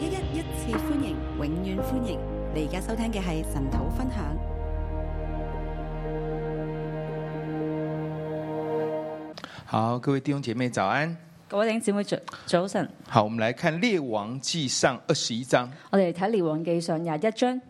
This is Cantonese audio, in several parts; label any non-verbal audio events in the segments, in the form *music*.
一一一次歡迎，永遠歡迎。你而家收聽嘅係神土分享。好，各位弟兄姐妹早安，各位弟兄姐妹早早晨。好，我們來看列王記上二十一章。我哋嚟睇列王記上廿一章。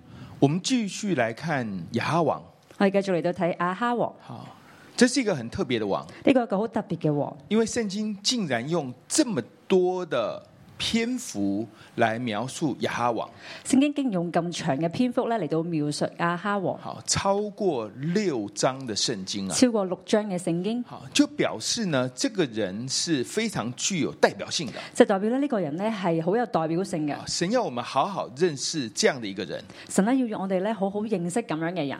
我們繼續來看亞哈王。我哋繼續嚟到睇亞哈王。好，這是一個很特別嘅王，呢個係一個好特別嘅王，因為聖經竟然用這麼多的。篇幅嚟描述亞哈王，聖經經用咁長嘅篇幅咧嚟到描述亞哈王，好超過六章嘅聖經啊，超過六章嘅聖經。好，就表示呢，這個人是非常具有代表性嘅，就代表呢呢個人咧係好有代表性嘅。神要我們好好認識這樣的一個人，神呢要用我哋咧好好認識咁樣嘅人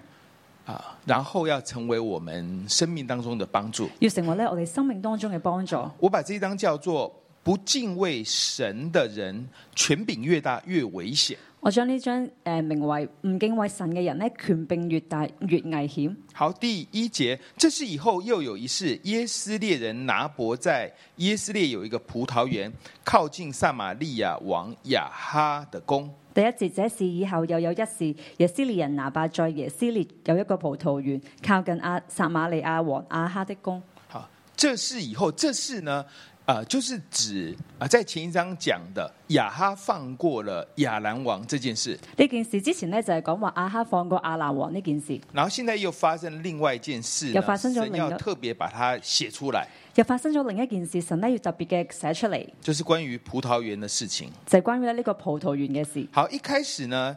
啊，然後要成為我們生命當中的幫助，要成為咧我哋生命當中嘅幫助。我把呢一章叫做。不敬畏神的人，權柄越大越危險。我將呢張誒名為唔敬畏神嘅人咧，權柄越大越危險。好，第一節，這是以後又有一事，耶斯列人拿伯在耶斯列有一個葡萄園，靠近撒瑪利亞王亞哈的宮。第一節，這是以後又有一事，耶斯列人拿伯在耶斯列有一個葡萄園，靠近阿撒瑪利亞王亞哈的宮。好，這是以後，這是呢。啊、呃，就是指啊、呃，在前一章講的亞哈放過了亞蘭王這件事。呢件事之前呢就，就係講話亞哈放過亞蘭王呢件事。然後現在又發生另外一件事，又發生另一神要特別把它寫出來。又發生咗另一件事，神呢要特別嘅寫出嚟，就是關於葡萄園的事情。就係關於呢呢個葡萄園嘅事。好，一開始呢。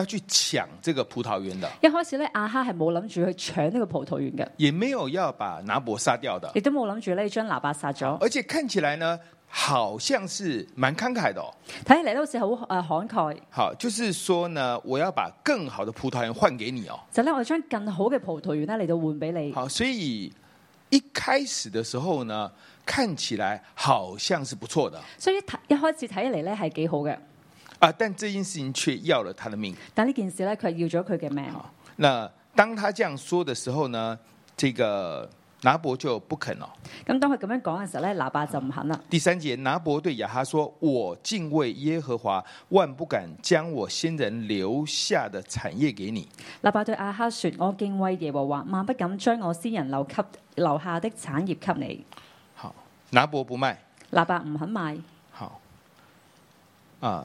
要去搶這個葡萄園的，一開始咧，阿哈係冇諗住去搶呢個葡萄園嘅，也沒有要把拿伯殺掉的，亦都冇諗住將拿伯殺咗，而且看起來呢，好像是蠻慷慨的哦，睇嚟都好似好誒慷慨，好，就是說呢，我要把更好的葡萄園換給你哦，就咧我將更好嘅葡萄園呢嚟到換俾你，好，所以一開始的時候呢，看起來好像是不錯的，所以一一開始睇起嚟咧係幾好嘅。啊！但這件事情卻要了他的命。但呢件事呢，佢係要咗佢嘅命。好，那當他這樣說的時候呢，這個拿伯就不肯咯。咁當佢咁樣講嘅時候呢，拿伯就唔肯啦。第三節，拿伯對亞哈說：我敬畏耶和華，萬不敢將我先人留下的產業給你。拿伯對亞哈說：我敬畏耶和華，萬不敢將我先人留給留下的產業給你。好，拿伯不賣。拿伯唔肯賣。好。啊。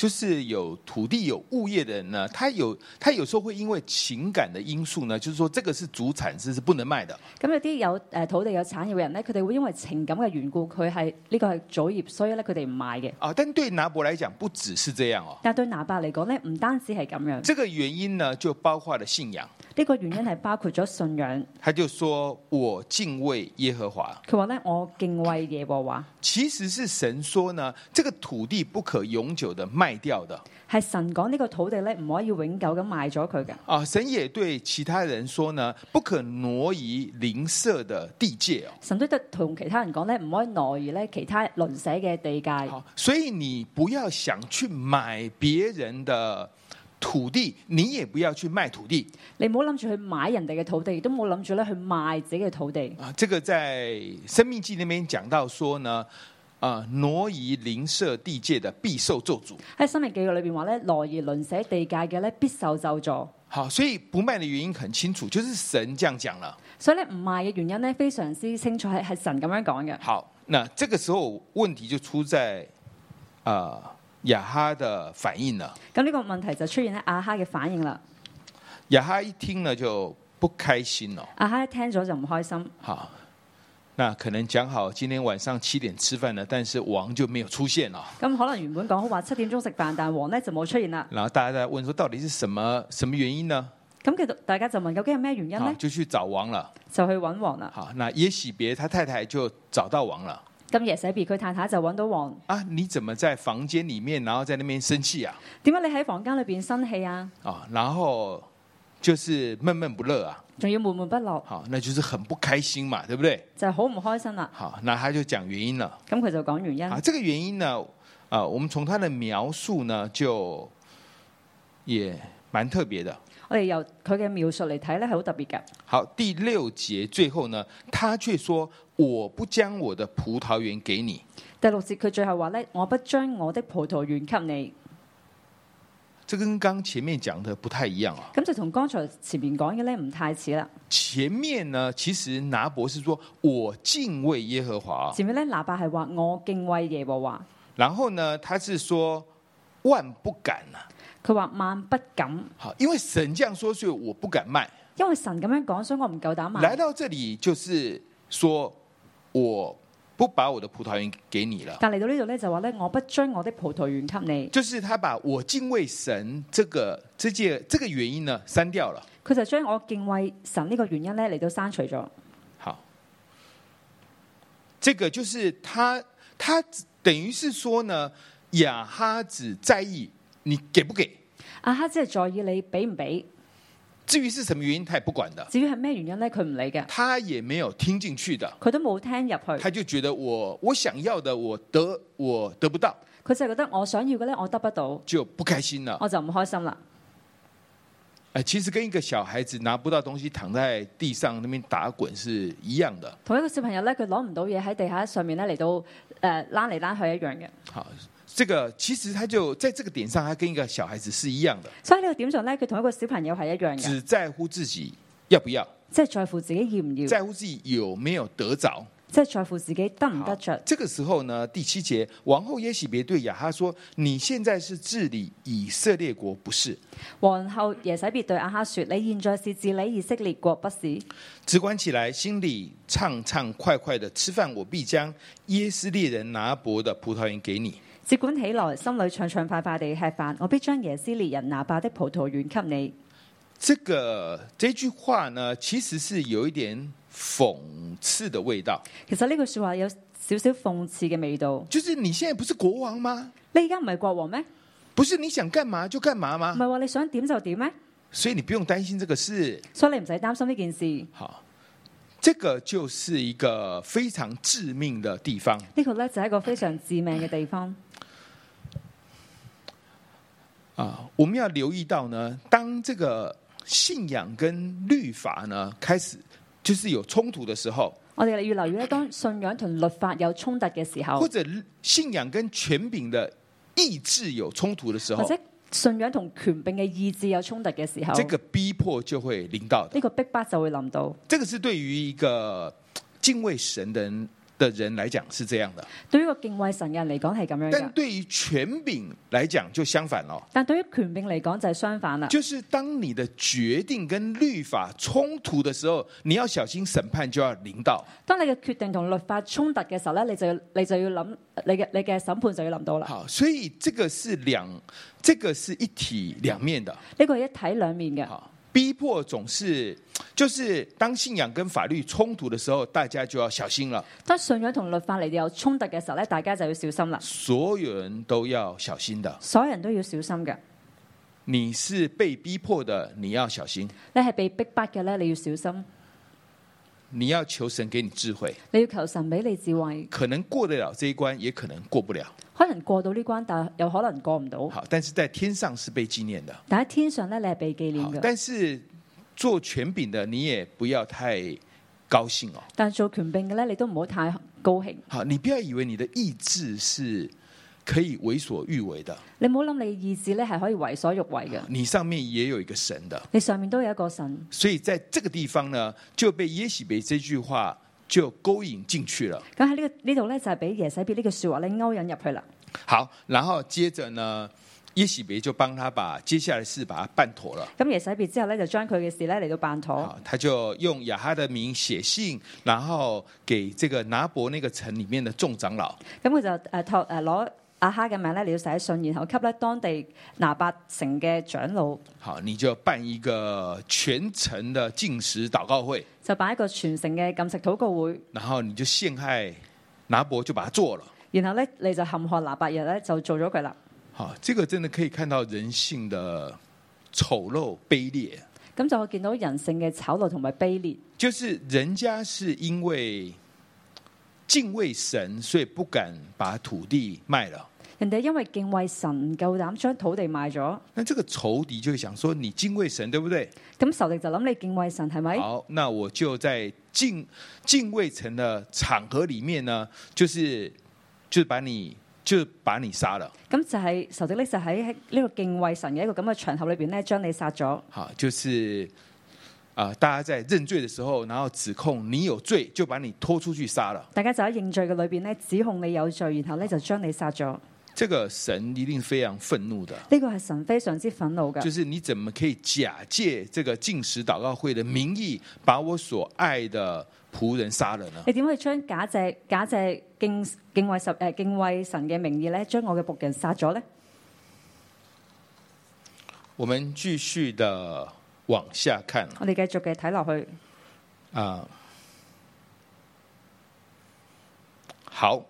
就是有土地有物業的人呢，他有他有時候會因為情感的因素呢，就是說這個是祖產，是是不能賣的。咁有啲有誒土地有產業嘅人呢，佢哋會因為情感嘅緣故，佢係呢個係祖業，所以呢，佢哋唔賣嘅。啊，但對拿伯來講，不只是這樣哦。但對拿伯嚟講呢，唔單止係咁樣。這個原因呢，就包括了信仰。呢個原因係包括咗信仰。他就說我敬畏耶和華。佢話呢，我敬畏耶和華。其實是神說呢，這個土地不可永久的賣。賣掉的係神講呢個土地咧，唔可以永久咁賣咗佢嘅。啊，神也對其他人說呢，不可挪移鄰舍的地界哦。神都得同其他人講咧，唔可以挪移咧其他鄰舍嘅地界。所以你不要想去買別人的土地，你也不要去賣土地。你唔好諗住去買人哋嘅土地，亦都冇諗住咧去賣自己嘅土地。啊，這個在《生命記》那邊講到說呢。啊！挪移鄰舍地界的必受咒詛。喺《申命記》嘅裏邊話咧，挪移鄰舍地界嘅咧必受咒詛。好，所以不賣嘅原因很清楚，就是神這樣講啦。所以咧唔賣嘅原因咧非常之清楚，係係神咁樣講嘅。好，嗱，這個時候問題就出在啊亞、呃、哈的反應啦。咁呢個問題就出現喺亞、啊、哈嘅反應啦。亞哈一聽呢就不開心咯。亞、啊、哈一聽咗就唔開心。好。那可能講好今天晚上七點吃飯呢，但是王就沒有出現咯。咁可能原本講好話七點鐘食飯，但王呢就冇出現啦。然後大家在問說，到底是什麼什麼原因呢？咁其實大家就問究竟係咩原因呢？就去找王了，就去搵王啦。好，那耶洗別他太太就找到王了。咁耶洗別佢太太就搵到王。啊，你怎麼在房間裏面，然後在那邊生氣啊？點解你喺房間裏邊生氣啊？啊，然後就是悶悶不樂啊。仲要悶悶不樂，好，那就是很不開心嘛，對不對？就好唔開心啦。好，那他就講原因啦。咁佢就講原因。啊，這個原因呢？啊、呃，我們從他的描述呢，就也蠻特別的。我哋由佢嘅描述嚟睇咧，係好特別嘅。好，第六節最後呢，他卻說，我我他說：我不將我的葡萄園給你。第六節佢最後話咧：我不將我的葡萄園給你。這跟剛前面講的不太一樣啊。咁就同剛才前面講嘅咧唔太似啦。前面呢，其實拿博士說我敬畏耶和華。前面咧，拿伯係話我敬畏耶和華。然後呢，他是說萬不敢啊。佢話萬不敢。好，因為神這樣說，所以我不敢賣。因為神咁樣講，所以我唔夠膽賣。來到這裏就是說我。不把我的葡萄園給你了。但嚟到呢度咧，就話咧，我不將我的葡萄園給你。就是他把我敬畏神這個這件這個原因呢，刪掉了。佢就將我敬畏神呢個原因咧嚟到刪除咗。好，這個就是他他，等於是說呢，亞哈只在意你給不給。亞哈只在意你俾唔俾。至於是什麼原因，他也不管的。至於係咩原因咧，佢唔理嘅。他也沒有聽進去的，佢都冇聽入去。他就覺得我我想要的我得我得不到，佢就係覺得我想要嘅咧，我得不到，就不開心啦。我就唔開心啦。其實跟一個小孩子拿不到東西躺在地上，那邊打滾是一樣的。同一個小朋友咧，佢攞唔到嘢喺地下上面咧嚟到誒、呃，拉嚟拉去一樣嘅。好。這個其實他就在這個點上，他跟一個小孩子是一樣的。所以呢個點上呢，佢同一個小朋友係一樣嘅。只在乎自己要不要，即係在乎自己要唔要，在乎自己有沒有得着，即係在乎自己得唔得着。這個時候呢，第七節，王后耶洗別對亞哈說：“你現在是治理以色列國，不是？”王后耶洗別對亞哈說：“你現在是治理以色列國，不是？”只管起來，心裏暢暢快快的吃飯，我必將耶斯列人拿伯的葡萄園給你。接管起來，心裏暢暢快快地吃飯。我必將耶斯列人拿伯的葡萄園給你。這個這句話呢，其實是有一點諷刺的味道。其實呢句說話有少少諷刺嘅味道。就是你現在不是國王嗎？你而家唔係國王咩？不是你想幹嘛就幹嘛嗎？唔係話你想點就點咩？所以你不用擔心這個事。所以你唔使擔心呢件事。好，這個就是一個非常致命的地方。個呢個咧就係、是、一個非常致命嘅地方。 *laughs* 啊， *noise* uh, 我們要留意到呢，當這個信仰跟律法呢開始就是有衝突的時候，我哋越老越覺當信仰同律法有衝突嘅時候， *noise* 或者信仰跟權柄的意志有衝突的時候，或者信仰同權柄嘅意志有衝突嘅時候，這個逼迫就會臨到的，呢個逼迫，迫就會臨到。這個是對於一個敬畏神的人。的人來講是這樣的，對於個敬畏神人嚟講係咁樣，但對於權柄來講就相反了。但對於權柄嚟講就係相反了。就是當你的決定跟律法衝突的時候，你要小心審判就要臨到。當你嘅決定同律法衝突嘅時候咧，你就要你就要諗，你嘅你嘅審判就要諗到啦。好，所以這個是兩，這個是一體兩面的。呢個係一體兩面嘅。逼迫總是，就是當信仰跟法律衝突的時候，大家就要小心了。當信仰同律法嚟到有衝突嘅時候咧，大家就要小心啦。所有人都要小心的，所有人都要小心嘅。你是被逼迫的，你要小心；小心你係被逼迫嘅咧，你要小心。你要求神給你智慧，你要求神俾你智慧，可能過得了這一關，也可能過不了。可能過到呢關，但有可能過唔到。好，但是在天上是被紀念的。但喺天上呢，你係被紀念嘅。但是做權柄的，你也不要太高興哦。但做權柄嘅咧，你都唔好太高興。好，你不要以為你的意志是，可以為所欲為的，你唔好諗你意志咧，係可以為所欲為嘅。你上面也有一個神的，你上面都有一個神，所以在這個地方呢，就被耶洗別這句話就勾引進去了。咁喺、這個、呢個呢度咧，就係、是、俾耶洗別呢句說話咧勾引入去啦。好，然後接着呢，耶洗別就幫他把接下來事把它辦妥了。咁耶洗別之後咧，就將佢嘅事咧嚟到辦妥。他就用亞哈的名寫信，然後給這個拿伯那個城裏面的眾長老。咁佢就誒托誒攞。啊啊阿、啊、哈嘅名咧，你要寫信，然後給咧當地拿伯城嘅長老。好，你就辦一個全城嘅禁食禱告會。就辦一個全城嘅禁食禱告會。然後你就陷害拿伯，就把他做了。然後咧，你就陷害拿伯，日咧就做咗佢啦。好，這個真的可以看到人性的醜陋卑劣。咁就我見到人性嘅醜陋同埋卑劣。就是人家是因為敬畏神，所以不敢把土地賣了。人哋因為敬畏神唔夠膽將土地賣咗，那這個仇敵就會想說你敬畏神對不對？咁仇敵就諗你敬畏神係咪？對對，好，那我就在敬敬畏神的場合裏面呢，就是就是，把你就是，把你殺了。咁就係仇敵呢就喺呢個敬畏神嘅一個咁嘅場合裏邊呢，將你殺咗。好，就是、呃、大家在認罪嘅時候，然後指控你有罪，就把你拖出去殺了。大家就喺認罪嘅裏邊呢，指控你有罪，然後呢就將你殺咗。這個神一定非常憤怒的。呢個係神非常之憤怒嘅。就是你怎麼可以假借這個禁食禱告會的名義，把我所愛的僕人殺了呢？你點可以將假借假借敬敬畏神誒敬畏神嘅名義咧，將我嘅僕人殺咗咧？我們繼續的往下看。我哋繼續嘅睇落去。啊，uh, 好。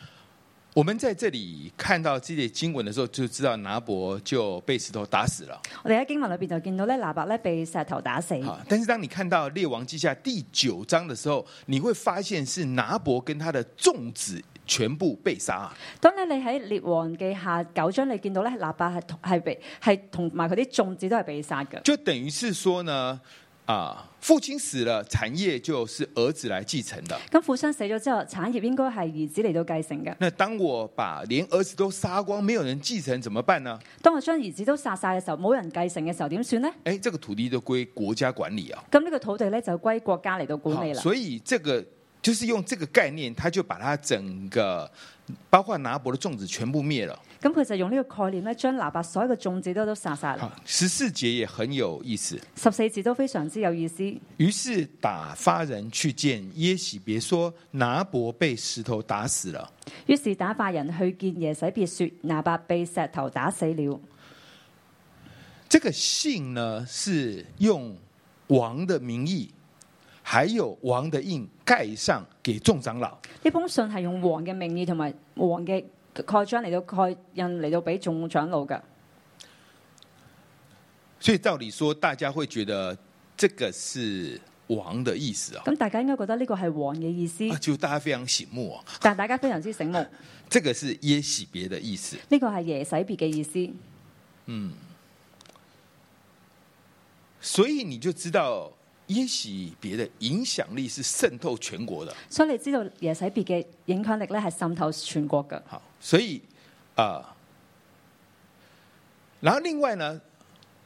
我們在這裏看到這些經文的時候，就知道拿伯就被石頭打死了。我哋喺經文裏邊就見到咧，拿伯咧被石頭打死。但是當你看到列王記下第九章的時候，你會發現是拿伯跟他的眾子全部被殺。當然你喺列王記下九章你見到咧，拿伯係係被係同埋佢啲眾子都係被殺嘅。就等於是說呢。啊！父親死了，產業就是兒子來繼承的。咁父親死咗之後，產業應該係兒子嚟到繼承嘅。那當我把連兒子都殺光，沒有人繼承，怎麼辦呢？當我將兒子都殺晒嘅時候，冇人繼承嘅時候，點算呢？誒、欸，這個土地就歸國家管理啊。咁呢個土地咧就歸國家嚟到管理啦。所以，這個。就是用這個概念，他就把他整個包括拿伯的種子全部滅了。咁佢、嗯、就用呢個概念呢，將拿伯所有嘅種子都都殺殺啦。十四節也很有意思。十四節都非常之有意思。於是打發人去見耶洗別，說拿伯被石頭打死了。於是打發人去見耶洗別，說拿伯被石頭打死了。這個信呢，是用王的名義。還有王的印蓋上，給眾長老。呢封信係用王嘅名義，同埋王嘅蓋章嚟到蓋印嚟到俾眾長老噶。所以照理說，大家會覺得這個是王的意思啊。咁大家應該覺得呢個係王嘅意思，啊，就大家非常醒目啊。但係大家非常之醒目，啊啊，這個、這個是耶洗別的意思。呢個係耶洗別嘅意思。嗯，所以你就知道。耶洗別的影響力是滲透全國的，所以你知道耶洗別嘅影響力咧係滲透全國嘅。好，所以啊、呃，然後另外呢，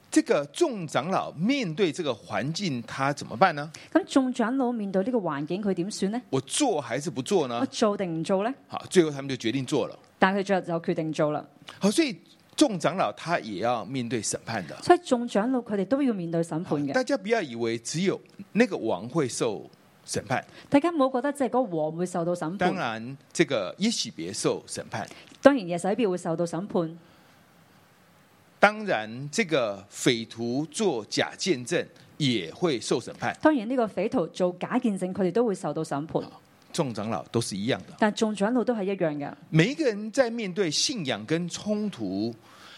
這個眾長老面對這個環境，他怎麼辦呢？咁眾長老面對呢個環境，佢點算呢？我做還是不做呢？我做定唔做呢？好，最後他們就決定做了。但係佢最後就決定做啦。好，所以。眾長老他也要面對審判的，所以眾長老佢哋都要面對審判嘅。大家不要以為只有那個王會受審判，大家唔好覺得即係嗰王會受到審判。當然，這個耶洗別受審判，當然耶洗別會受到審判，當然這個匪徒做假見證也會受審判，當然呢個匪徒做假見證佢哋都會受到審判。眾長老都是一樣的，但係眾長老都係一樣嘅。每一個人在面對信仰跟衝突、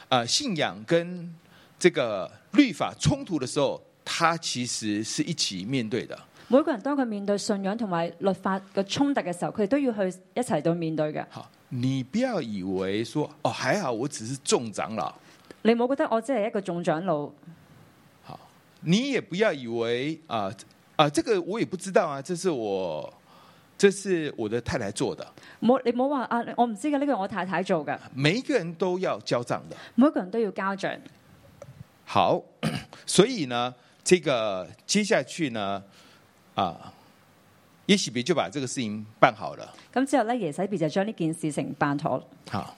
呃，信仰跟這個律法衝突的時候，他其實是一起面對的。每個人當佢面對信仰同埋律法嘅衝突嘅時候，佢哋都要去一齊到面對嘅。好，你不要以為說，哦，還好，我只是眾長老，你冇覺得我只係一個眾長老？好，你也不要以為啊，啊、呃呃呃，這個我也不知道啊，這是我。這是我的太太做的。冇，你冇話啊！我唔知嘅，呢個我太太做嘅。每一個人都要交賬的。每一個人都要交賬。好，所以呢，這個接下去呢，啊，耶洗別就把這個事情辦好了。咁之後呢，耶洗別就將呢件事情辦妥了。好，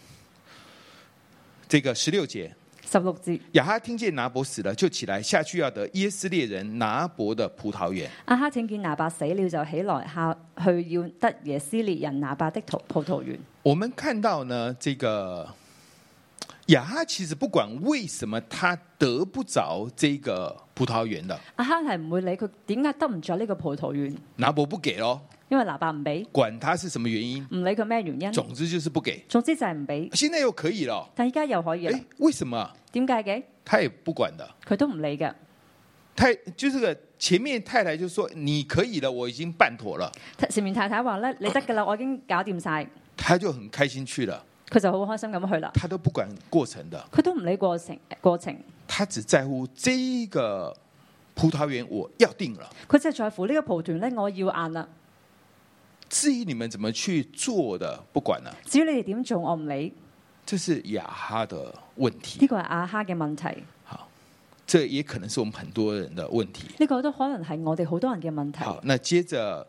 這個十六節。十六字。亞、啊、哈聽見拿伯死了，就起來下去要得耶斯列人拿伯的葡萄園。阿、啊、哈聽見拿伯死了，就起來下去要得耶斯列人拿伯的葡萄園。我們看到呢，這個。呀，其實不管為什麼他得不着這個葡萄園的，阿哈係唔會理佢點解得唔着呢個葡萄園，拿伯不，不給咯，因為拿伯唔俾，管他是什麼原因，唔理佢咩原因，總之就是不給，總之就係唔俾。現在又可以啦，但依家又可以啦，誒，為什麼？點解嘅？他也不管的，佢都唔理嘅。太就係、是、個前面太太就說你可以啦，我已經辦妥啦。前面太太話咧，你得噶啦，我已經搞掂晒，他就很開心去啦。佢就好開心咁去啦。他都不管過程的，佢都唔理過程過程。過程他只在乎這個葡萄園，我要定了。佢真係在乎呢個葡萄園咧，我要硬啦。至於你們怎麼去做的，不管啦。至於你哋點做，我唔理。這是亞哈的問題。呢個係亞哈嘅問題。好，這也可能是我們很多人的問題。呢個都可能係我哋好多人嘅問題。好，那接着。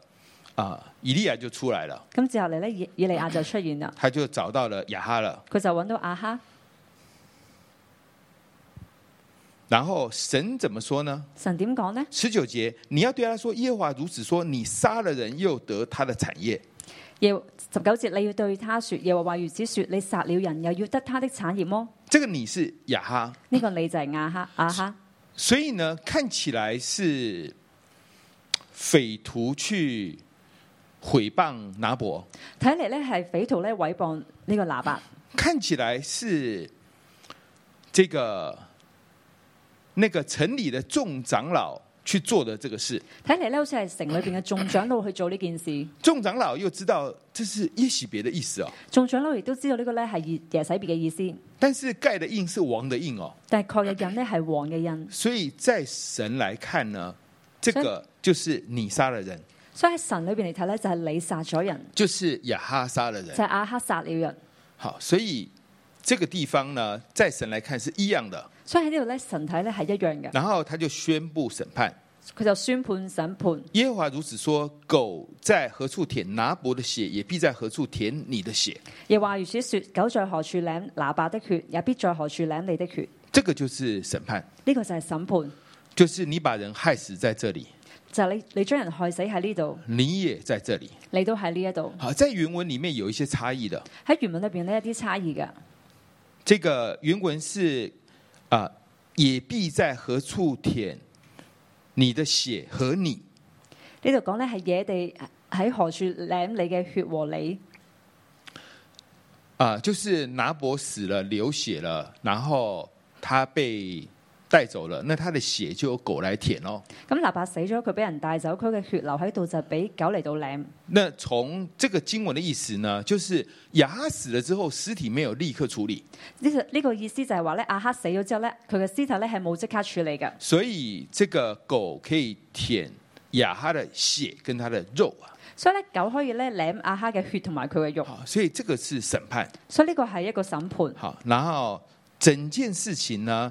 啊，以利亞就出來了。咁之後嚟咧，以利亞就出現啦。他就找到了亞哈了。佢就揾到亞哈。然後神怎麼說呢？神點講呢？十九節，你要對他說：耶和華如此說，你殺了人又得他的產業。耶十九節，你要對他說：耶和華如此說，你殺了人又要得他的產業麼、哦？這個你是亞哈，呢、嗯、個你就係亞哈啊哈。哈所以呢，看起來是匪徒去。毀謗拿伯，睇嚟咧，係匪徒咧毀謗呢個喇叭。看起來是這個那個城裏的眾長老去做的這個事。睇嚟咧，好似係城裏邊嘅眾長老去做呢件事。眾長老又知道這是耶洗別的意思啊，哦。眾長老亦都知道這個呢個咧，係耶洗別嘅意思。但是蓋的印是王的印哦。但係蓋嘅印呢，係王嘅印。所以在神來看呢，這個就是你殺的人。所以喺神裏邊嚟睇咧，就係你殺咗人，就是亞哈殺的人，就係亞哈殺了人。好，所以這個地方呢，在神來看是一樣的。所以喺呢度咧，神睇咧係一樣嘅。然後他就宣布審判，佢就宣判審判。耶和華如，如此說：狗在何處舔拿伯的血，也必在何處舔你的血。耶話如此說：狗在何處舔拿伯的血，也必在何處舔你的血。這個就是審判，呢個就係審判，就是你把人害死在這裡。就你你將人害死喺呢度，你也在這裏，你都喺呢一度。好，在原文裏面有一些差異的，喺原文裏邊呢，一啲差異嘅。這個原文是啊，野地在何處舔你的血和你？呢度講咧係野地喺何處舐你嘅血和你。啊，就是拿伯死了，流血了，然後他被。帶走了，那他的血就由狗來舔咯。咁亞哈死咗，佢俾人帶走，佢嘅血流喺度就俾狗嚟到舐。那從這個經文的意思呢，就是雅哈死了之後，屍體沒有立刻處理。呢個呢個意思就係話咧，亞哈死咗之後咧，佢嘅屍體咧係冇即刻處理嘅。所以，這個狗可以舔雅哈的血跟他的肉啊。所以咧，狗可以咧舐亞哈嘅血同埋佢嘅肉。所以，這個是審判。所以呢個係一個審判。好，然後整件事情呢，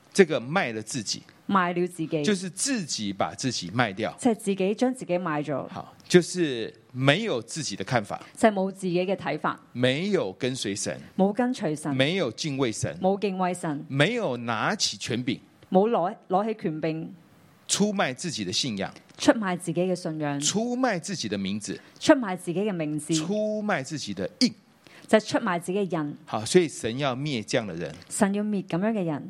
這個賣了自己，賣了自己，就是自己把自己賣掉，即係自己將自己賣咗。好，就是沒有自己的看法，即係冇自己嘅睇法，沒有跟隨神，冇跟隨神，沒有敬畏神，冇敬畏神，沒有拿起權柄，冇攞攞起權柄，出賣自己的信仰，出賣自己嘅信仰，出賣自己的名字，出賣自己嘅名字，出賣自己的印，就出賣自己嘅人。好，所以神要滅這樣的人，神要滅咁樣嘅人。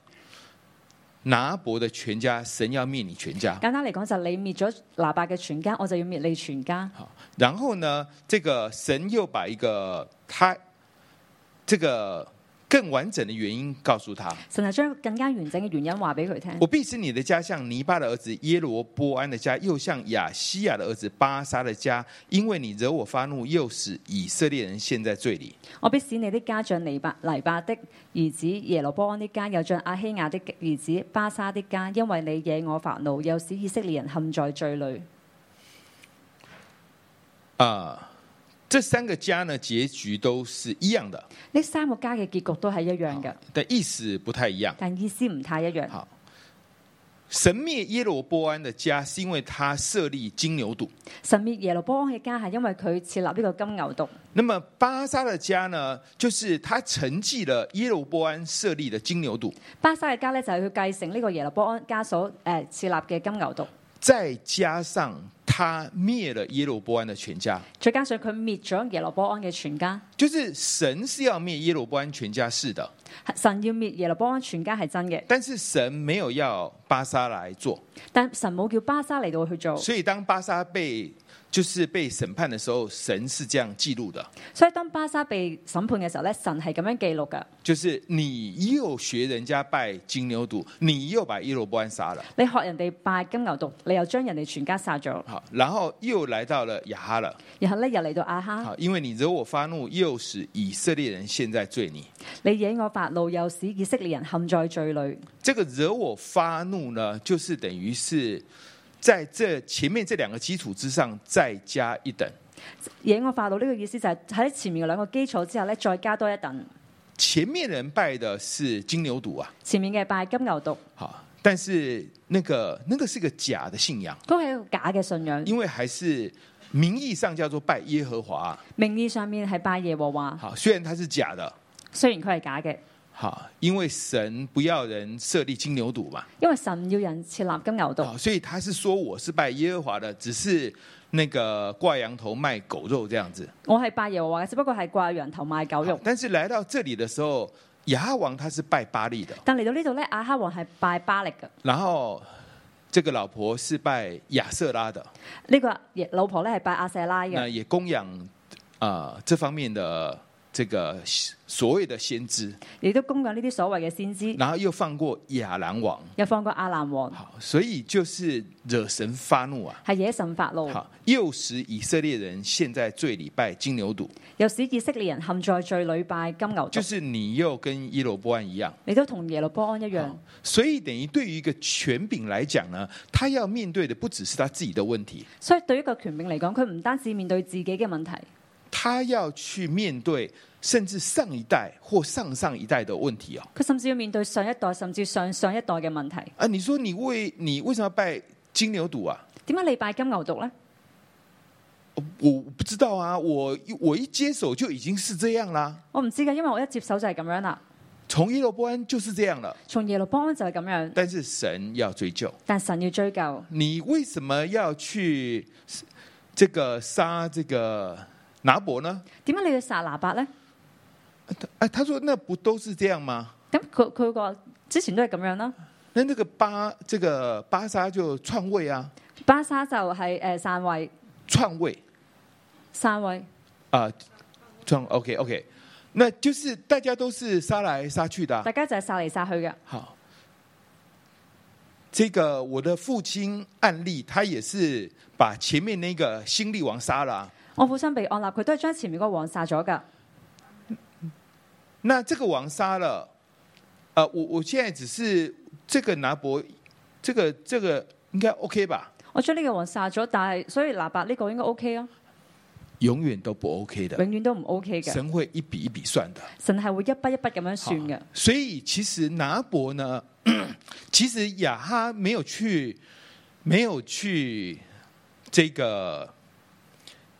拿伯的全家，神要滅你全家。簡單嚟講就是，你滅咗拿伯嘅全家，我就要滅你全家。然後呢，這個神又把一個他，這個。更完整的原因告訴他，神就將更加完整嘅原因話俾佢聽。我必使你的家像尼巴的兒子耶羅波安的家，又像亞西亞的兒子巴沙的家，因為你惹我發怒，又使以色列人陷在罪裏。我必使你的家像尼巴、尼巴的兒子耶羅波安的家，又像亞希亞的兒子巴沙的家，因為你惹我發怒，又使以色列人陷在罪裏。啊。Uh, 這三個家呢，結局都是一樣的。呢三個家嘅結局都係一樣嘅，但意思不太一樣。但意思唔太一樣。好，神滅耶羅波安的家是因為他設立金牛犢。神滅耶羅波安嘅家係因為佢設立呢個金牛犢。那麼巴沙的家呢，就是他承繼了耶羅波安設立的金牛犢。巴沙嘅家呢，就係、是、佢繼承呢個耶羅波安家所誒、呃、設立嘅金牛犢，再加上。他滅了耶羅波安的全家，再加上佢滅咗耶羅波安嘅全家，就是神是要滅耶羅波，波安全家是的，神要滅耶羅波安全家係真嘅，但是神沒有要巴沙來做，但神冇叫巴沙嚟到去做，所以當巴沙被。就是被審判的時候，神是這樣記錄的。所以當巴沙被審判嘅時候咧，神係咁樣記錄嘅。就是你又學人家拜金牛犢，你又把耶羅波安殺了。你學人哋拜金牛犢，你又將人哋全家殺咗。好，然後又來到了亞哈了。然後呢又嚟到亞哈。好，因為你惹我發怒，又使以，以色列人陷在罪裏。你惹我發怒，又使以色列人陷在罪裏。這個惹我發怒呢，就是等於是。在這前面這兩個基礎之上再加一等，耶和華路呢個意思就係喺前面嘅兩個基礎之後咧，再加多一等。前面人拜的是金牛犢啊，前面嘅拜金牛犢。好，但是那個那個是個假的信仰，都係假嘅信仰，因為還是名義上叫做拜耶和華，名義上面係拜耶和華。好，雖然它是假的，雖然佢係假嘅。因為神不要人設立金牛犢嘛，因為神要人設立金牛犢、哦。所以他是說我是拜耶和華的，只是那個掛羊頭賣狗肉這樣子。我係拜耶和華嘅，只不過係掛羊頭賣狗肉。但是來到這裡的時候，亞哈王他是拜巴力的。但嚟到呢度呢，亞哈王係拜巴力嘅。然後這個老婆是拜亞瑟拉的。呢個老婆呢係拜亞瑟拉嘅，那也供養啊、呃、這方面的。這個所謂的先知，你都供緊呢啲所謂嘅先知，然後又放過亞蘭王，又放過亞蘭王，好，所以就是惹神發怒啊，係惹神發怒，又使以色列人現在罪裏拜金牛犢，又使以色列人陷在罪裏拜金牛，就是你又跟耶路波安一樣，你都同耶路波安一樣，所以等於對於一個權柄來講呢，他要面對的不只是他自己的問題，所以對於一個權柄嚟講，佢唔單止面對自己嘅問題。他要去面對甚至上一代或上上一代的問題哦。佢甚至要面對上一代甚至上上一代嘅問題。啊，你說你為你為什麼要拜金牛犢啊？點解你拜金牛犢呢？我唔知道啊！我我一接手就已經是這樣啦。我唔知噶，因為我一接手就係咁樣啦。從耶路波安就是這樣了。從耶路波安就係咁樣。但是神要追究。但神要追究。你為什麼要去這個殺這個？拿，拿伯呢？點解你要殺拿伯咧？誒，他說：，那不都是這樣嗎？咁佢佢個之前都係咁樣啦、啊。那那個巴，這個巴沙就篡位啊。巴沙就係誒篡位。篡位。篡位。啊，篡創 OK OK，那就是大家都是殺來殺去、啊、去的。大家就係殺嚟殺去嘅。好，這個我的父親案例，他也是把前面那個新力王殺了。我父親被按立，佢都係將前面個王殺咗噶。那這個王殺了，誒、呃，我我現在只是這個拿伯，這個這個應該 OK 吧？我將呢個王殺咗，但係所以拿伯呢個應該 OK 啊？永遠都不 OK 的，永遠都唔 OK 嘅。神會一筆一筆算的，神係會一筆一筆咁樣算嘅、啊。所以其實拿伯呢， *coughs* 其實亞哈，沒有去，沒有去這個。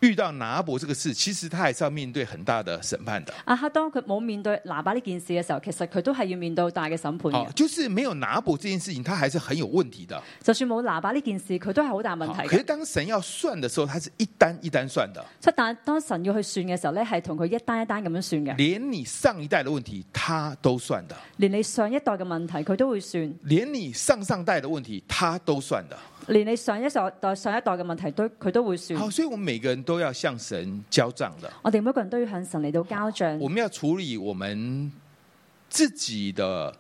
遇到拿伯這個事，其實他還是要面對很大的審判的。啊哈，當佢冇面對拿伯呢件事嘅時候，其實佢都係要面對大嘅審判。好，就是沒有拿伯這件事情，他還是很有問題的。就算冇拿伯呢件事，佢都係好大問題。其實當神要算的時候，他是一單一單算的。即但係當神要去算嘅時候咧，係同佢一單一單咁樣算嘅。連你上一代的問題，他都算的。連你上一代嘅問題，佢都會算。連你上上代的問題，他都算的。連你上一上代上一代嘅問題都佢都會算。所以我們每個人都。都要向神交賬的，我哋每一個人都要向神嚟到交賬。我們要處理我們自己的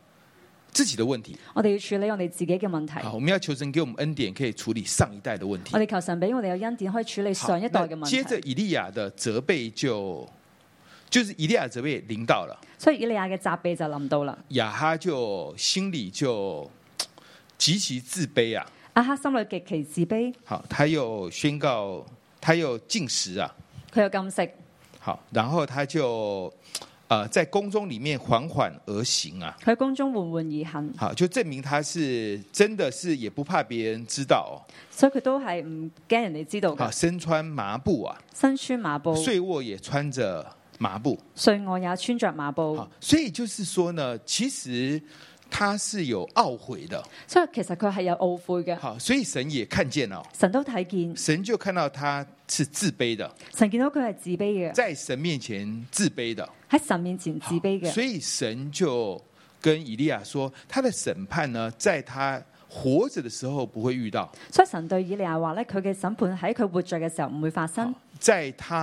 自己的問題，我哋要處理我哋自己嘅問題。好，我們要求神給我們恩典，可以處理上一代的問題。我哋求神俾我哋有恩典，可以處理上一代嘅問題。接着以利亞的責備就就是以利亞責備臨到了，所以以利亞嘅責備就臨到啦。亞哈就心裏就極其自卑啊，亞哈心裏極其自卑。好，他又宣告。他又禁食啊，佢又禁食，好，然後他就、呃，在宮中裏面緩緩而行啊，喺宮中緩緩而行，好，就證明他是真的是也不怕別人知道、啊，所以佢都係唔驚人哋知道啊，身穿麻布啊，身穿麻布，睡臥也穿着麻布，睡臥也穿着麻布，所以就是說呢，其實。他是有懊悔的，所以其實佢係有懊悔嘅。好，所以神也看見咯，神都睇見，神就看到他是自卑的，神見到佢係自卑嘅，在神面前自卑的，喺神面前自卑嘅，所以神就跟以利亞說，他的審判呢，在他活着的時候不會遇到，所以神對以利亞話咧，佢嘅審判喺佢活着嘅時候唔會發生，好在他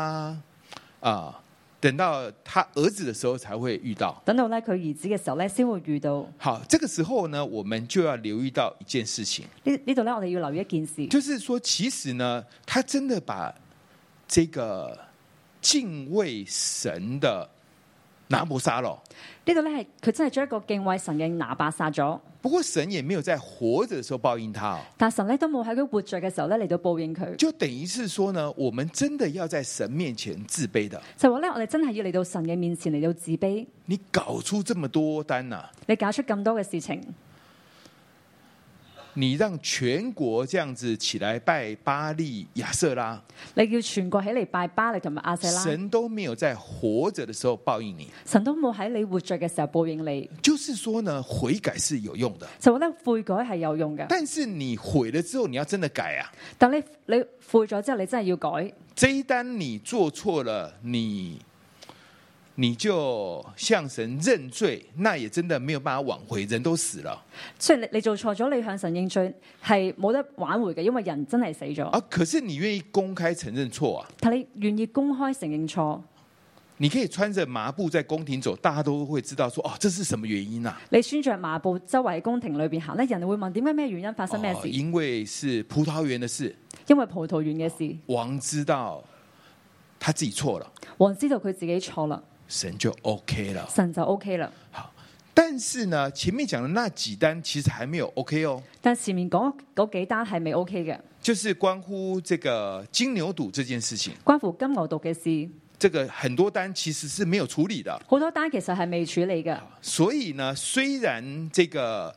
啊。呃等到他兒子的時候才會遇到。等到咧，佢兒子嘅時候咧，先會遇到。好，這個時候呢，我們就要留意到一件事情。呢呢度咧，我哋要留意一件事，就是說，其實呢，他真的把這個敬畏神的。拿冇殺了呢度咧，係佢真係將一個敬畏神嘅拿伯殺咗。不過神也沒有在活着嘅時候報應他。但神咧都冇喺佢活着嘅時候咧嚟到報應佢。就等於是說呢，我們真的要在神面前自卑的。就話咧，我哋真係要嚟到神嘅面前嚟到自卑。你搞出這麼多單啊！你搞出咁多嘅事情。你讓全國這樣子起來拜巴利亞瑟拉，你叫全國起嚟拜巴利同埋亞瑟拉，神都沒有在活着的時候報應你，神都冇喺你活着嘅時候報應你，就是說呢，悔改是有用的。就覺得悔改係有用嘅。但是你悔了之後你要真的改啊，但你你悔咗之後你真係要改，這一單你做錯了你。你就向神認罪，那也真的沒有辦法挽回，人都死了。雖然你你做錯咗，你向神認罪係冇得挽回嘅，因為人真係死咗。啊！可是你願意公開承認錯啊？但你願意公開承認錯？你可以穿着麻布在宮廷走，大家都會知道說，哦，啊，這是什麼原因啊？你穿着麻布周圍宮廷裏邊行咧，人哋會問點解咩原因發生咩事，啊？因為是葡萄園的事。因為葡萄園嘅事，啊，王知道他自己錯了。王知道佢自己錯啦。神就 OK 了，神就 OK 了。好，但是呢，前面講的那幾單其實還沒有 OK 哦。但前面嗰嗰幾單係未 OK 嘅，就是關乎這個金牛肚這件事情。關乎金牛肚嘅事，這個很多單其實是沒有處理的，好多單其實係未處理嘅。所以呢，雖然這個。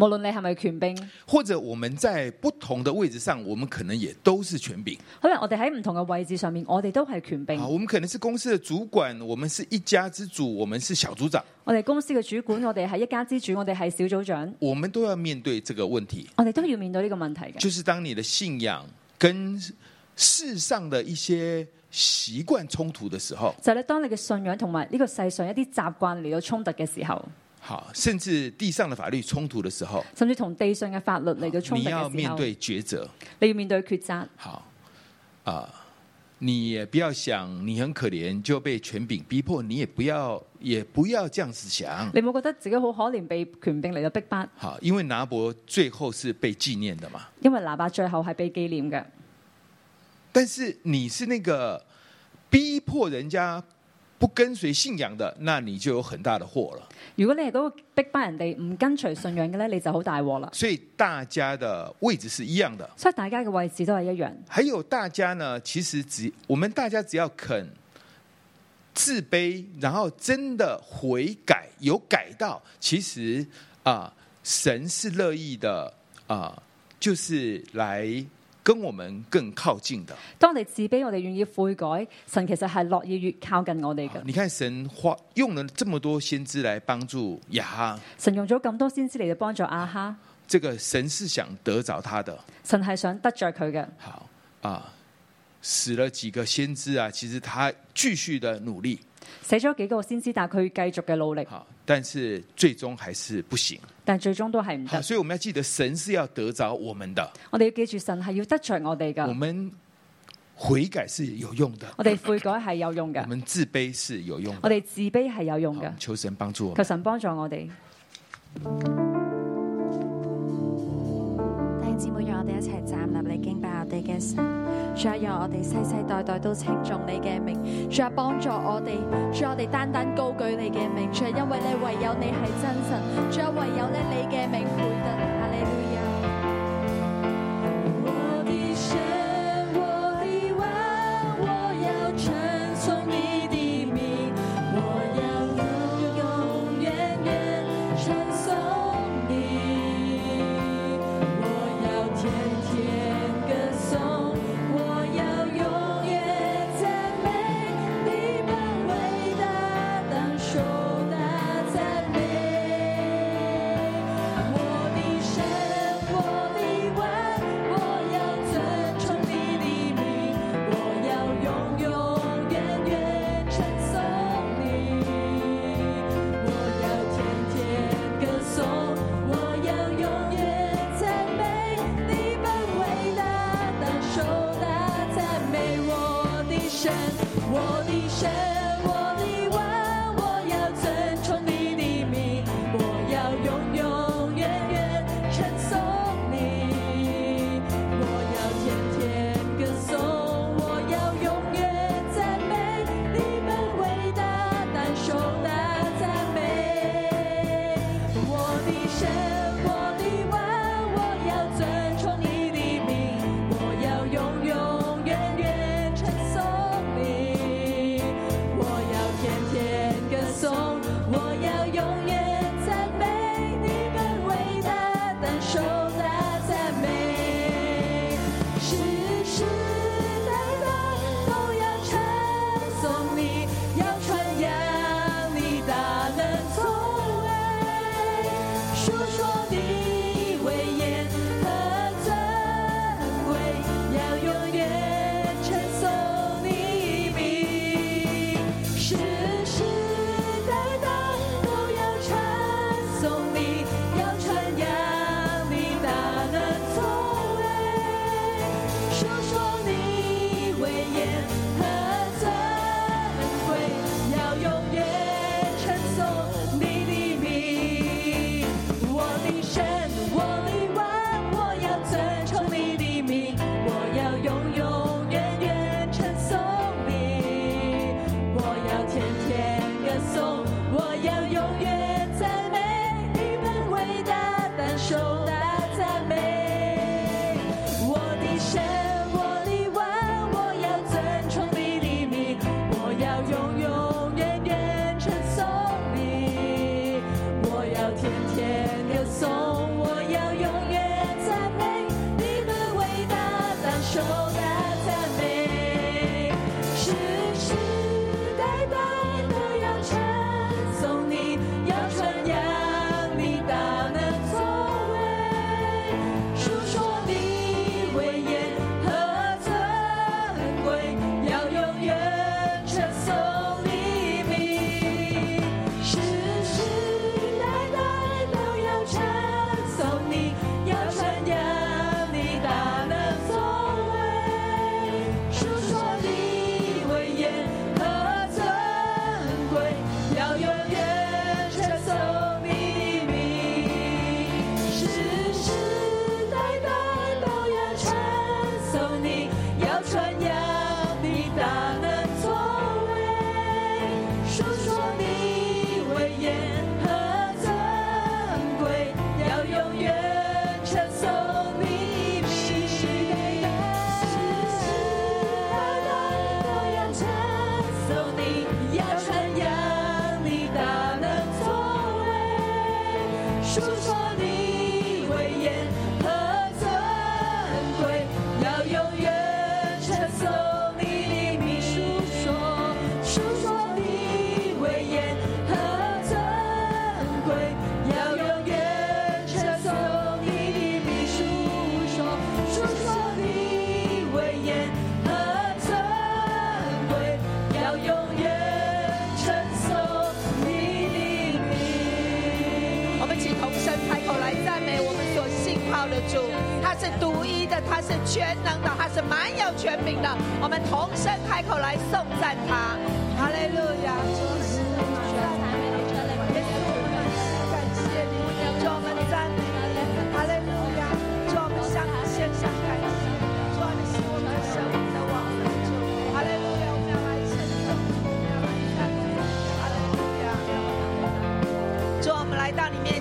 無論你係咪權柄，或者我們在不同的位置上，我們可能也都是權柄。可能我哋喺唔同嘅位置上面，我哋都係權柄。我們可能是公司的主管，我們是一家之主，我們是小組長。我哋公司嘅主管，我哋係一家之主，我哋係小組長。我們都要面對這個問題。我哋都要面對呢個問題嘅，就是當你的信仰跟世上的一些習慣衝突的時候，就係當你嘅信仰同埋呢個世上一啲習慣嚟到衝突嘅時候。好，甚至地上的法律衝突的時候，甚至同地上嘅法律嚟到衝突嘅時候，你要面對抉擇，你要面對抉擇。好，啊、呃，你也不要想你很可憐就被權柄逼迫，你也不要也不要這樣子想。你冇覺得自己好可憐，被權柄嚟到逼迫？好，因為拿伯最後是被紀念的嘛，因為拿伯最後係被紀念嘅。但是你是那個逼迫人家。不跟隨信仰的，那你就有很大的禍了。如果你係嗰個逼迫人哋唔跟隨信仰嘅咧，你就好大禍了。所以大家的位置是一樣的。所以大家嘅位置都係一樣。還有大家呢，其實只我們大家只要肯自卑，然後真的悔改，有改到，其實啊，神是樂意的啊，就是來。跟我們更靠近的，當你自卑，我哋願意悔改，神其實係樂意越靠近我哋嘅。你看神花用了這麼多先知來幫助亞哈，神用咗咁多先知嚟到幫助亞哈，這個神是想得着他的，神係想得着佢嘅。好，啊，死了幾個先知啊，其實他繼續的努力。寫咗幾個先知，但佢繼續嘅努力。好，但是最終還是不行。但最終都係唔行。所以我們要記得，神是要得着我們的。我哋要記住，神係要得着我哋嘅。我們悔改是有用的。我哋悔改係有用嘅。我們自卑是有用的。我哋自卑係有用嘅。求神幫助我們。求神幫助我哋。姊妹，讓我哋一齊站立嚟敬拜我哋嘅神，再讓我哋世世代代都稱頌你嘅名，再幫助我哋，再我哋單單高舉你嘅名，就係因為你唯有你係真神，仲有唯有咧你嘅名配得。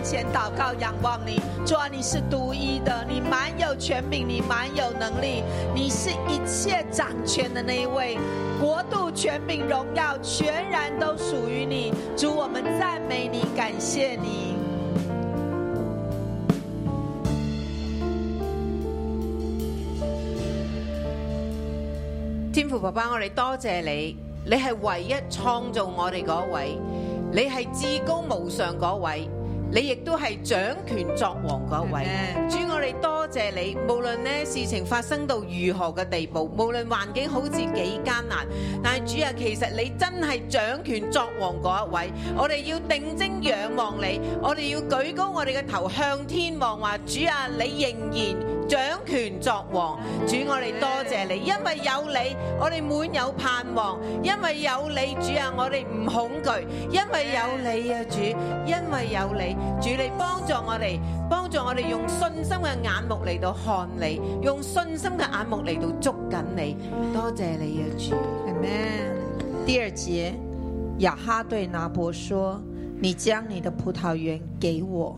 前禱告，仰望你，主，你是獨一的，你滿有權柄，你滿有能力，你是一切掌權的那一位，國度、權柄、榮耀，全然都屬於你。主，我們讚美你，感謝你。天父爸爸，我哋多謝你，你係唯一創造我哋嗰位，你係至高無上嗰位。你亦都係掌權作王嗰一位，主，我哋多謝你，無論事情發生到如何嘅地步，無論環境好似幾艱難，但是主啊，其實你真係掌權作王嗰一位，我哋要定睛仰望你，我哋要舉高我哋嘅頭向天望，話主啊，你仍然掌權作王，主，我哋多謝你，因為有你，我哋滿有盼望；因為有你，主啊，我哋唔恐懼；因為有你啊，主，因為有你，主你幫助我哋，幫助我哋用信心嘅眼目嚟到看你，用信心嘅眼目嚟到捉緊你。多謝你啊，主。Amen。第二節，亞哈對拿婆說，你將你的葡萄園給我。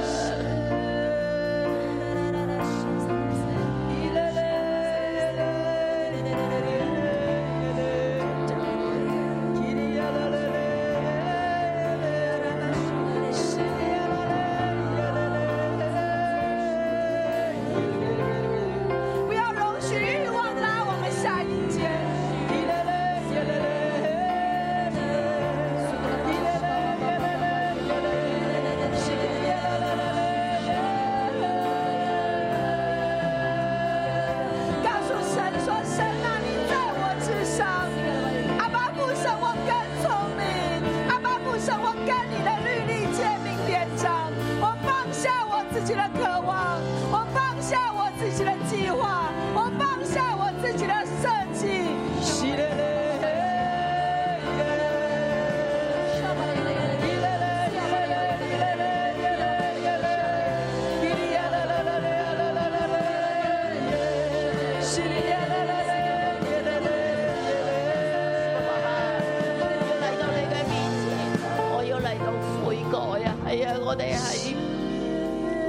我哋喺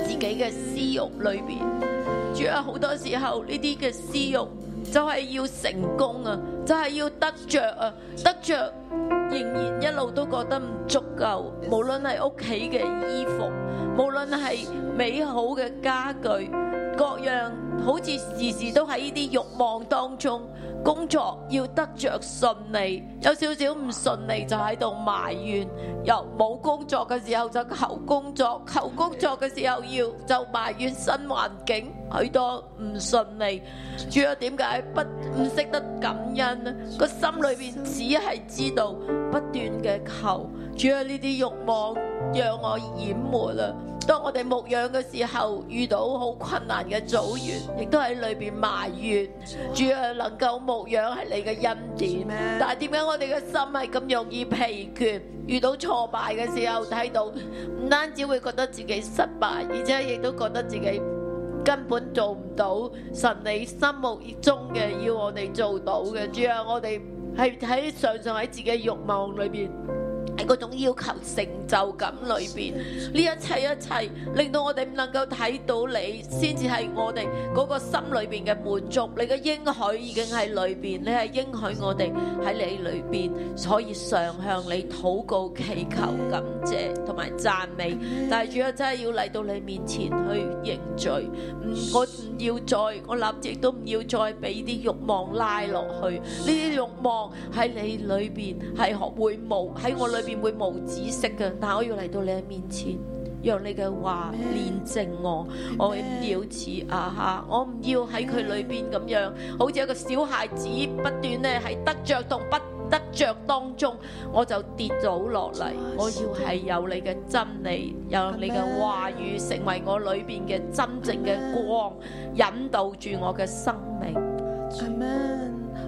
自己嘅私欲裏邊，仲有好多時候呢啲嘅私欲就係要成功啊，就係要得着啊，得着仍然一路都覺得唔足夠，無論係屋企嘅衣服，無論係美好嘅家具。各樣好似時時都喺呢啲欲望當中工作，要得着順利，有少少唔順利就喺度埋怨，又冇工作嘅時候就求工作，求工作嘅時候要就埋怨新環境，許多唔順利。主要點解不唔識得感恩咧？個心裏面只係知道不斷嘅求，主要呢啲欲望讓我淹沒啦。當我哋牧養嘅時候，遇到好困難嘅組員，亦都喺裏邊埋怨。主要能夠牧養係你嘅恩典。但係點解我哋嘅心係咁容易疲倦？遇到挫敗嘅時候，睇,到唔單止會覺得自己失敗，而且亦都覺得自己根本做唔到神你心目中嘅要我哋做到嘅。主要我哋係喺常常喺自己的欲望裏邊。嗰種要求成就感裏邊，呢一切一切令到我哋唔能夠睇到你，先至係我哋嗰個心裏邊嘅滿足。你嘅應許已經喺裏邊，你係應許我哋喺你裏邊，所以常向你禱告、祈求、感謝同埋讚美。但係主要真係要嚟到你面前去認罪，唔我唔要再，我立即亦都唔要再俾啲欲望拉落去。呢啲欲望喺你裏邊係學會無喺我裏邊。會無知識嘅，但係我要嚟到你嘅面前，讓你嘅話煉淨 Amen, 我，我屌似啊吓！我唔要喺佢裏邊咁樣，好似一個小孩子不斷咧喺得着同不得着當中，我就跌倒落嚟。我要係有你嘅真理，有你嘅話語成為我裏邊嘅真正嘅光，引導住我嘅生命。阿門。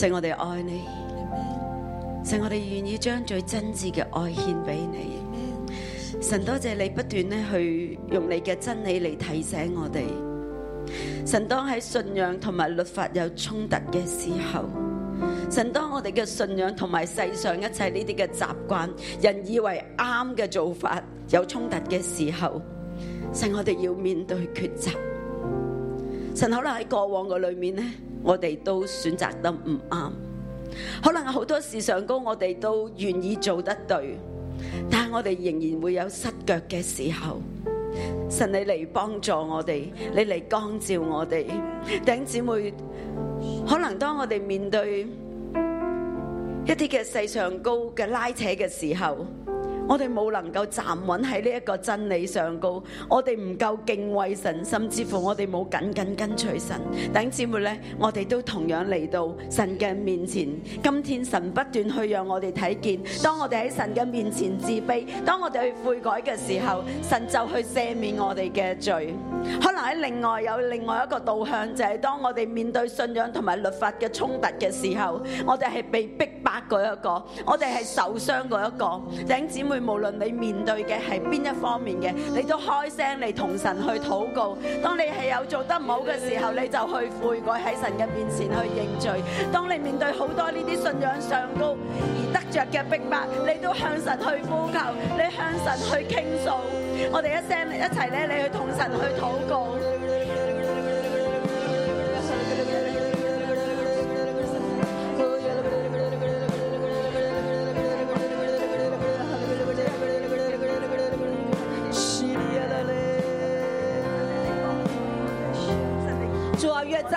神我哋愛你，神我哋願意將最真摯嘅愛獻俾你。神多謝你不斷咧去用你嘅真理嚟提醒我哋。神當喺信仰同埋律法有衝突嘅時候，神當我哋嘅信仰同埋世上一切呢啲嘅習慣、人以為啱嘅做法有衝突嘅時候，神我哋要面對抉擇。神可能喺過往嘅裏面呢。我哋都選擇得唔啱，可能好多事上高，我哋都願意做得對，但係我哋仍然會有失腳嘅時候。神你嚟幫助我哋，你嚟光照我哋，頂姊妹，可能當我哋面對一啲嘅世上高嘅拉扯嘅時候。我哋冇能夠站穩喺呢一個真理上高，我哋唔夠敬畏神，甚至乎我哋冇緊緊跟隨神。弟兄姊妹咧，我哋都同樣嚟到神嘅面前。今天神不斷去讓我哋睇見，當我哋喺神嘅面前自卑，當我哋去悔改嘅時候，神就去赦免我哋嘅罪。可能喺另外有另外一個導向，就係當我哋面對信仰同埋律法嘅衝突嘅時候，我哋係被逼迫嗰一個，我哋係受傷嗰一個。弟兄姊妹。無論你面對嘅係邊一方面嘅，你都開聲嚟同神去禱告。當你係有做得唔好嘅時候，你就去悔改喺神嘅面前去認罪。當你面對好多呢啲信仰上高而得着嘅逼迫，你都向神去呼求，你向神去傾訴。我哋一聲一齊咧，你去同神去禱告。